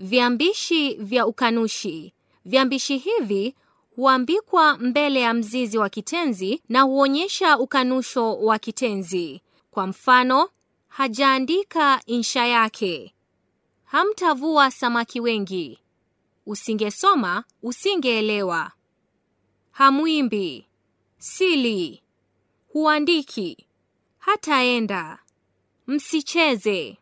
Viambishi vya ukanushi. Viambishi hivi huambikwa mbele ya mzizi wa kitenzi na huonyesha ukanusho wa kitenzi. Kwa mfano, hajaandika insha yake. Hamtavua samaki wengi. Usingesoma, usingeelewa. Hamwimbi. Sili. Huandiki. Hataenda. Msicheze.